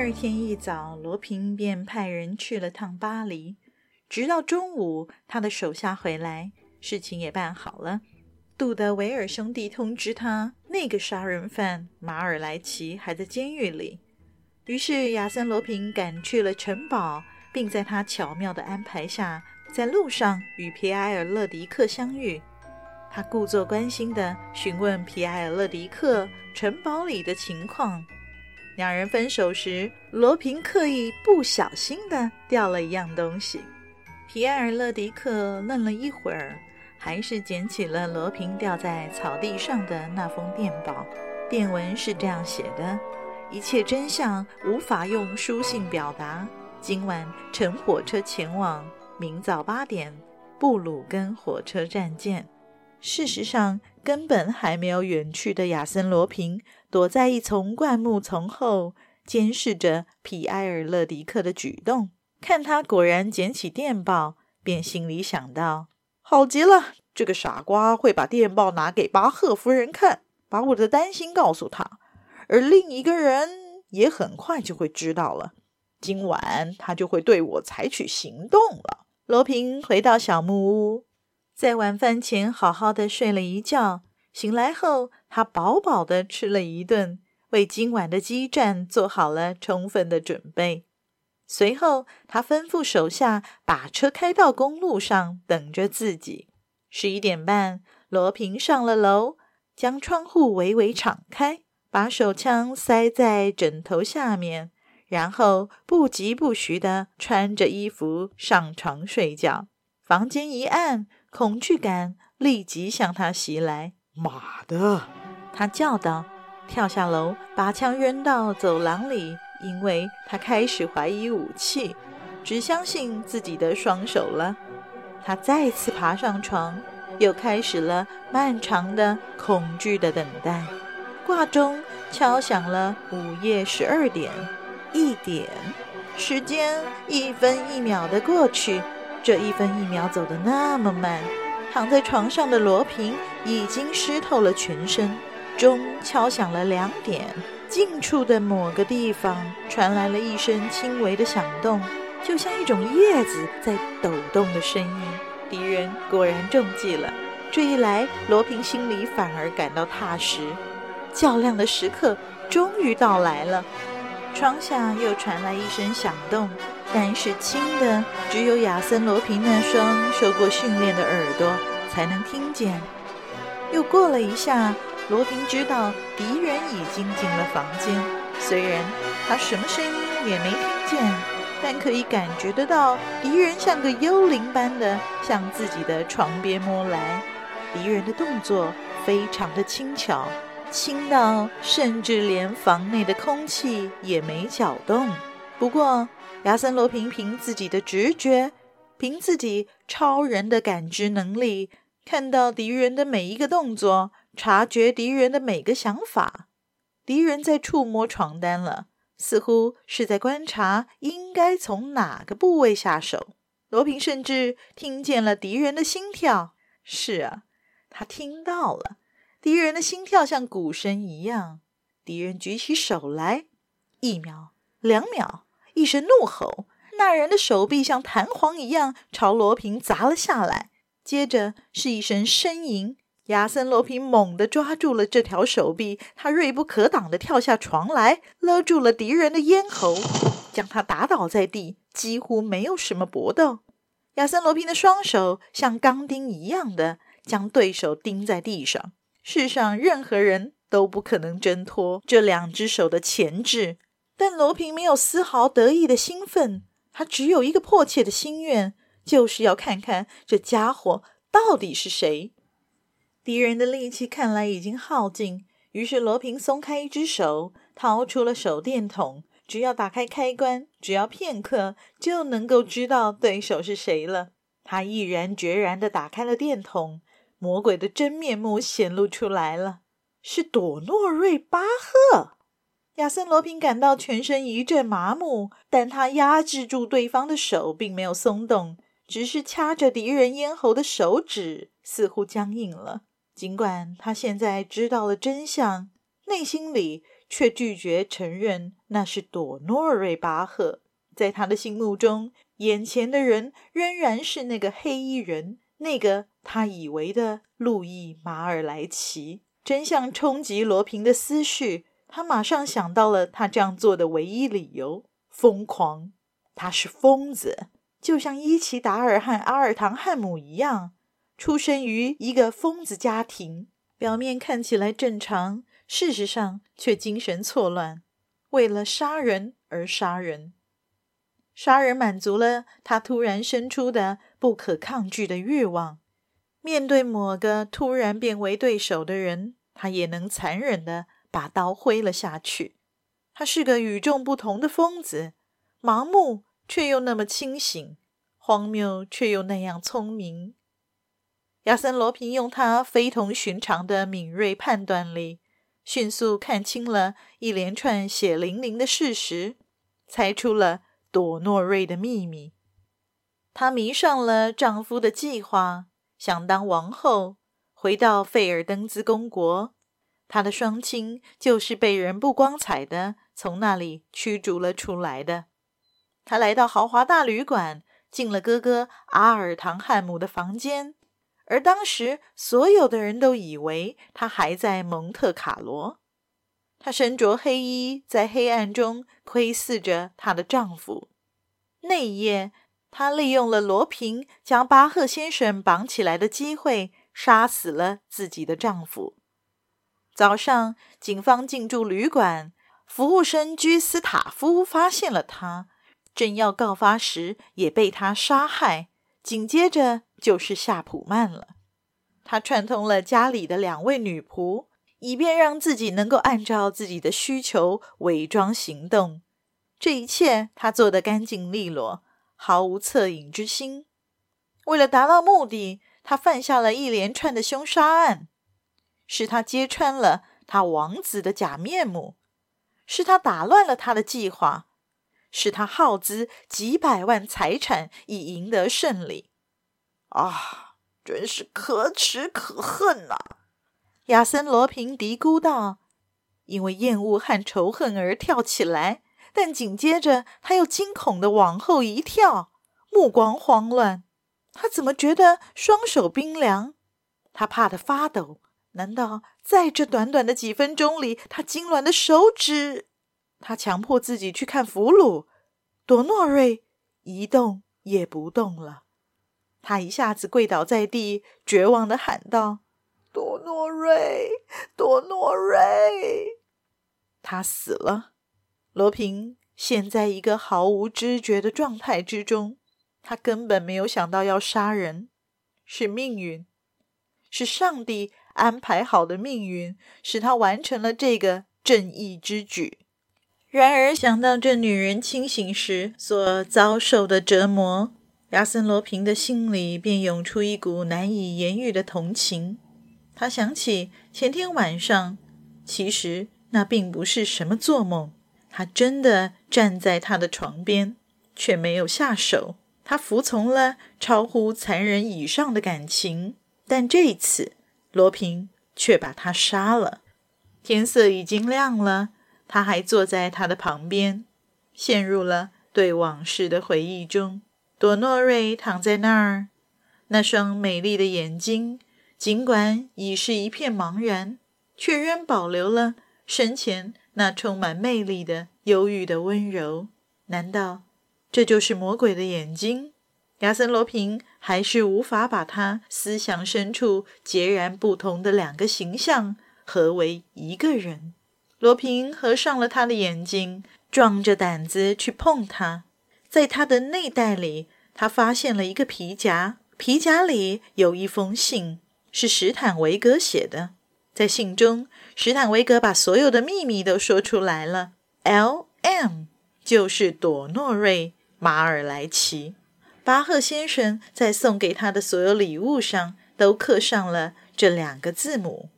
第二天一早，羅平便派人去了趟巴黎。直到中午，他的手下回來，事情也辦好了。杜德維爾兄弟通知他，那個殺人犯馬爾萊奇還在監獄裡。於是，亞森·羅平趕去了城堡，並在他巧妙的安排下，在路上與皮埃爾·勒迪克相遇。他故作關心地詢問皮埃爾·勒迪克城堡裡的情況。兩人分手時，羅平刻意不小心地掉了一樣東西。皮埃爾·勒迪克愣了一會兒，還是撿起了羅平掉在草地上的那封電報。電文是這樣寫的：“一切真相無法用書信表達。今晚乘火車前往，明早八點，布魯根火車站見。”事實上，根本還沒有遠去的亞森·羅平躲在一叢灌木叢後，監視着皮埃爾·勒迪克的舉動。看他果然撿起電報，便心裡想到：“好極了，這個傻瓜會把電報拿給巴赫夫人看，把我的擔心告訴他，而另一個人也很快就會知道了。今晚他就會對我採取行動了。”羅平回到小木屋。在晚飯前，好好的睡了一覺。醒來後，他飽飽的吃了一頓，為今晚的激戰做好了充分的準備。隨後，他吩咐手下把車開到公路上，等着自己。十一點半，羅蘋上了樓，將窗戶微微敞開，把手槍塞在枕頭下面，然後不疾不徐的穿着衣服上床睡覺。房間一暗。恐懼感立即向他襲來。“媽的！”他叫道，跳下樓，把槍扔到走廊裡，因為他開始懷疑武器，只相信自己的雙手了。他再次爬上床，又開始了漫長的恐懼的等待。掛鐘敲響了午夜十二點，一點，時間一分一秒的過去。這一分一秒走得那麼慢，躺在床上的羅蘋已經濕透了全身。鐘敲響了兩點，近處的某個地方傳來了一聲輕微的響動，就像一種葉子在抖動的聲音。敵人果然中計了，這一來，羅蘋心裡反而感到踏實。較量的時刻終於到來了，窗下又傳來一聲響動。但是輕的，只有亞森·羅蘋那雙受過訓練的耳朵才能聽見。又過了一下，羅蘋知道敵人已經進了房間。雖然他什麼聲音也沒聽見，但可以感覺得到敵人像個幽靈般的向自己的床邊摸來。敵人的動作非常的輕巧，輕到甚至連房內的空氣也沒攪動。不過，亞森羅平憑自己的直覺，憑自己超人的感知能力，看到敵人的每一個動作，察覺敵人的每個想法。敵人在觸摸床單了，似乎是在觀察應該從哪個部位下手。羅平甚至聽見了敵人的心跳。是啊，他聽到了，敵人的心跳像鼓聲一樣。敵人舉起手來，一秒，兩秒。一聲怒吼，那人的手臂像彈簧一樣朝羅蘋砸了下來。接着是一聲呻吟。亞森·羅蘋猛地抓住了這條手臂，他銳不可擋地跳下床來，勒住了敵人的咽喉，將他打倒在地。幾乎沒有什麼搏鬥。亞森·羅蘋的雙手像鋼釘一樣的將對手釘在地上，世上任何人都不可能掙脫這兩隻手的鉗制。但羅蘋沒有絲毫得意的興奮，他只有一個迫切的心願，就是要看看這家伙到底是誰。敵人的力氣看來已經耗盡，於是羅蘋鬆開一只手，掏出了手電筒，只要打開開關，只要片刻就能夠知道對手是誰了。他毅然決然地打開了電筒，魔鬼的真面目顯露出來了，是朵諾瑞巴赫。亞森·羅平感到全身一陣麻木，但他壓制住對方的手，並沒有鬆動，只是掐着敵人咽喉的手指似乎僵硬了。儘管他現在知道了真相，內心裡卻拒絕承認那是朵諾瑞巴赫。在他的心目中，眼前的人仍然是那個黑衣人，那個他以為的路易·馬爾萊奇。真相衝擊羅平的思緒，他馬上想到了他這樣做的唯一理由：瘋狂。他是瘋子，就像伊奇達爾漢阿爾唐漢姆一樣，出生於一個瘋子家庭，表面看起來正常，事實上卻精神錯亂。為了殺人而殺人，殺人滿足了他突然生出的不可抗拒的慾望。面對某個突然變為對手的人，他也能殘忍的。把刀揮了下去。他是個與眾不同的瘋子，盲目卻又那麼清醒，荒謬卻又那樣聰明。亞森·羅平用他非同尋常的敏銳判斷力，迅速看清了一連串血淋淋的事實，猜出了朵諾瑞的秘密。她迷上了丈夫的計劃，想當王後，回到費爾登茲公國。他的雙親就是被人不光彩的從那裡驅逐了出來的。他來到豪華大旅館，進了哥哥阿爾唐漢姆的房間，而當時所有的人都以為他還在蒙特卡羅。她身着黑衣，在黑暗中窺視着她的丈夫。那一夜，她利用了羅平將巴赫先生綁起來的機會，殺死了自己的丈夫。早上，警方進駐旅館，服務生居斯塔夫發現了他，正要告發時，也被他殺害。緊接着就是夏普曼了，他串通了家裡的兩位女僕，以便讓自己能夠按照自己的需求偽裝行動。這一切他做得乾淨利落，毫無惻隱之心。為了達到目的，他犯下了一連串的兇殺案。是他揭穿了他王子的假面目，是他打亂了他的計劃，是他耗資幾百萬財產以贏得勝利，啊，真是可恥可恨吶、啊！亞森羅平嘀咕道，因為厭惡和仇恨而跳起來，但緊接着他又驚恐地往後一跳，目光慌亂。他怎麼覺得雙手冰涼？他怕得發抖。難道在這短短的幾分鐘裡，他痙攣的手指，他強迫自己去看俘虜，多諾瑞一動也不動了。他一下子跪倒在地，絕望的喊道：“多諾瑞，多諾瑞！”他死了。羅蘋陷在一個毫無知覺的狀態之中。他根本沒有想到要殺人，是命運，是上帝。安排好的命運使他完成了這個正義之舉。然而，想到這女人清醒時所遭受的折磨，亞森·羅平的心裡便湧出一股難以言喻的同情。他想起前天晚上，其實那並不是什麼做夢，他真的站在她的床邊，卻沒有下手。他服從了超乎殘忍以上的感情，但這一次，羅蘋卻把他殺了。天色已經亮了，他還坐在她的旁邊，陷入了對往事的回憶中。朵諾瑞躺在那兒，那雙美麗的眼睛，盡管已是一片茫然，卻仍保留了生前那充滿魅力的憂鬱的溫柔。難道這就是魔鬼的眼睛？亞森·羅平還是無法把他思想深處截然不同的兩個形象合為一個人。羅平合上了他的眼睛，壯着膽子去碰他。在他的內袋裡，他發現了一個皮夾，皮夾裡有一封信，是史坦維格寫的。在信中，史坦維格把所有的秘密都說出來了。L.M. 就是朵諾瑞·馬爾萊奇。巴赫先生在送給他的所有禮物上都刻上了這兩個字母，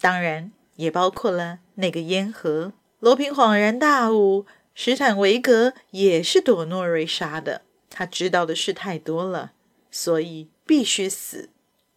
當然也包括了那個煙盒。羅平恍然大悟，史坦維格也是朵諾瑞殺的。他知道的事太多了，所以必須死。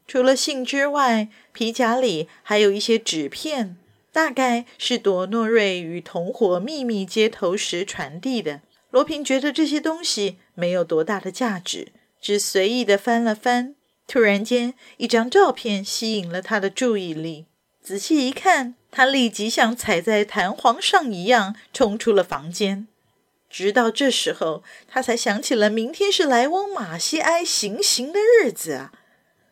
除了信之外，皮夾裡還有一些紙片，大概是朵諾瑞與同夥秘密接頭時傳遞的。羅平覺得這些東西沒有多大的價值，只隨意地翻了翻。突然間，一張照片吸引了他的注意力。仔細一看，他立即像踩在彈簧上一樣衝出了房間。直到這時候，他才想起了明天是萊翁·馬西埃行刑的日子啊。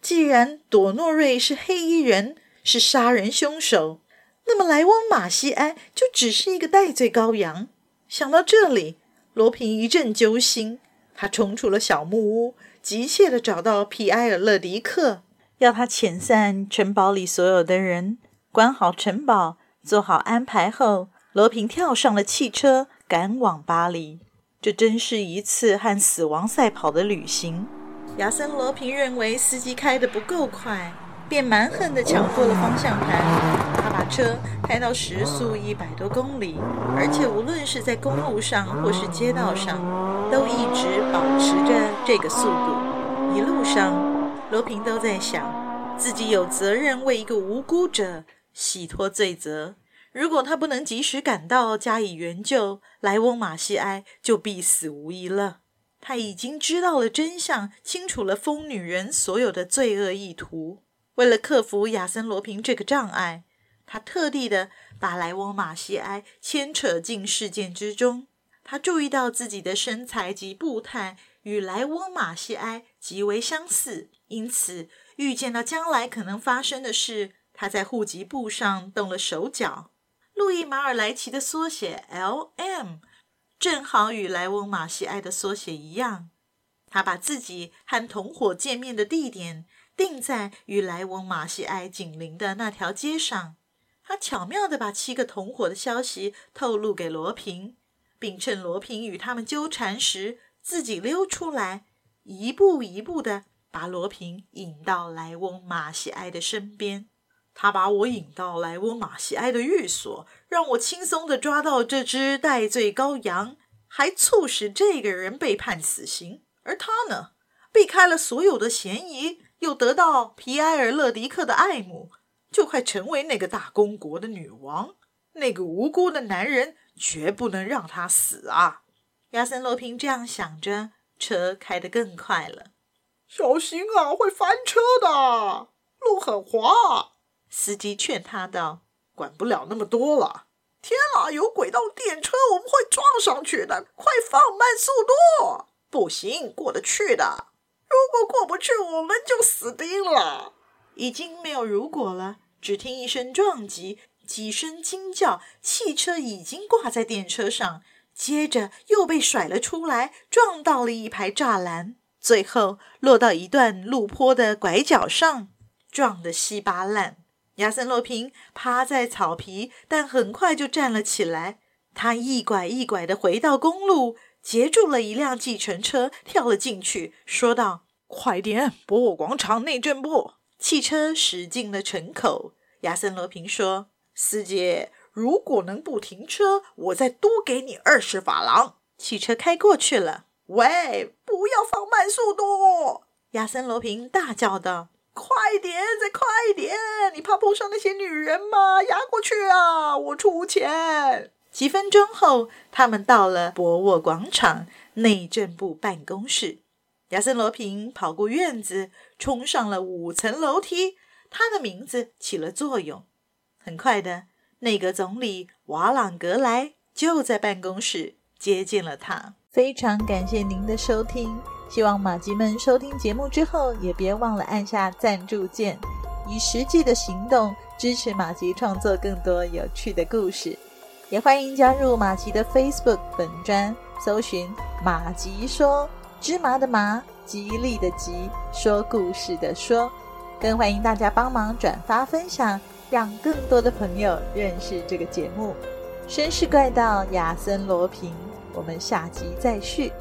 既然朵諾瑞是黑衣人，是殺人凶手，那麼萊翁·馬西埃就只是一個戴罪羔羊。想到這裡。羅平一陣揪心，他衝出了小木屋，急切地找到皮埃爾·勒迪克，要他遣散城堡裡所有的人，關好城堡，做好安排後，羅平跳上了汽車，趕往巴黎。這真是一次和死亡賽跑的旅行。亞森羅平認為司機開得不夠快，便蠻橫地搶過了方向盤。Oh 車開到時速一百多公里，而且無論是在公路上或是街道上，都一直保持着這個速度。一路上，羅平都在想，自己有責任為一個無辜者洗脫罪責。如果他不能及時趕到加以援救，萊翁·馬西埃就必死無疑了。他已經知道了真相，清楚了瘋女人所有的罪惡意圖。為了克服亞森·羅平這個障礙，他特地的把萊翁·馬西埃牽扯進事件之中。他注意到自己的身材及步態與萊翁·馬西埃極為相似，因此預見到將來可能發生的事，他在戶籍簿上動了手腳。路易·馬爾萊奇的縮寫 L.M. 正好與萊翁·馬西埃的縮寫一樣。他把自己和同夥見面的地點定在與萊翁·馬西埃緊鄰的那條街上。他巧妙地把七個同夥的消息透露給羅平，並趁羅平與他們糾纏時，自己溜出來，一步一步地把羅平引到萊翁·馬西埃的身邊。他把我引到萊翁·馬西埃的寓所，讓我輕鬆地抓到這隻代罪羔羊，還促使這個人被判死刑。而他呢，避開了所有的嫌疑，又得到皮埃爾·勒迪克的愛慕。就快成為那個大公國的女王，那個無辜的男人絕不能讓他死啊！亞森羅蘋這樣想着，車開得更快了。小心啊，會翻車的，路很滑。司機勸他道：“管不了那麼多了。”天哪，有軌道電車，我們會撞上去的！快放慢速度！不行，過得去的。如果過不去，我們就死定了。已經沒有如果了。只聽一聲撞擊，幾聲驚叫，汽車已經掛在電車上，接着又被甩了出來，撞到了一排柵欄，最後落到一段路坡的拐角上，撞得稀巴爛。亞森洛平趴在草皮，但很快就站了起來。他一拐一拐的回到公路，截住了一輛計程車，跳了進去，說道：“快點，博沃廣場內政部。”汽車駛進了城口，亞森·羅平說：“司機，如果能不停車，我再多給你二十法郎。”汽車開過去了。“喂，不要放慢速度！”亞森·羅平大叫道，“快點，再快點！你怕碰上那些女人嗎？壓過去啊，我出錢。”幾分鐘後，他們到了博沃廣場內政部辦公室。亞森·羅平跑過院子，衝上了五層樓梯。他的名字起了作用，很快的，內閣總理瓦朗格萊就在辦公室接見了他。非常感謝您的收聽，希望馬吉們收聽節目之後也別忘了按下贊助鍵，以實際的行動支持馬吉創作更多有趣的故事。也歡迎加入馬吉的 Facebook 本專，搜尋“馬吉說”。芝麻的麻，吉利的吉，說故事的說，更歡迎大家幫忙轉發分享，讓更多的朋友認識這個節目。紳士怪盜亞森羅蘋，我們下集再續。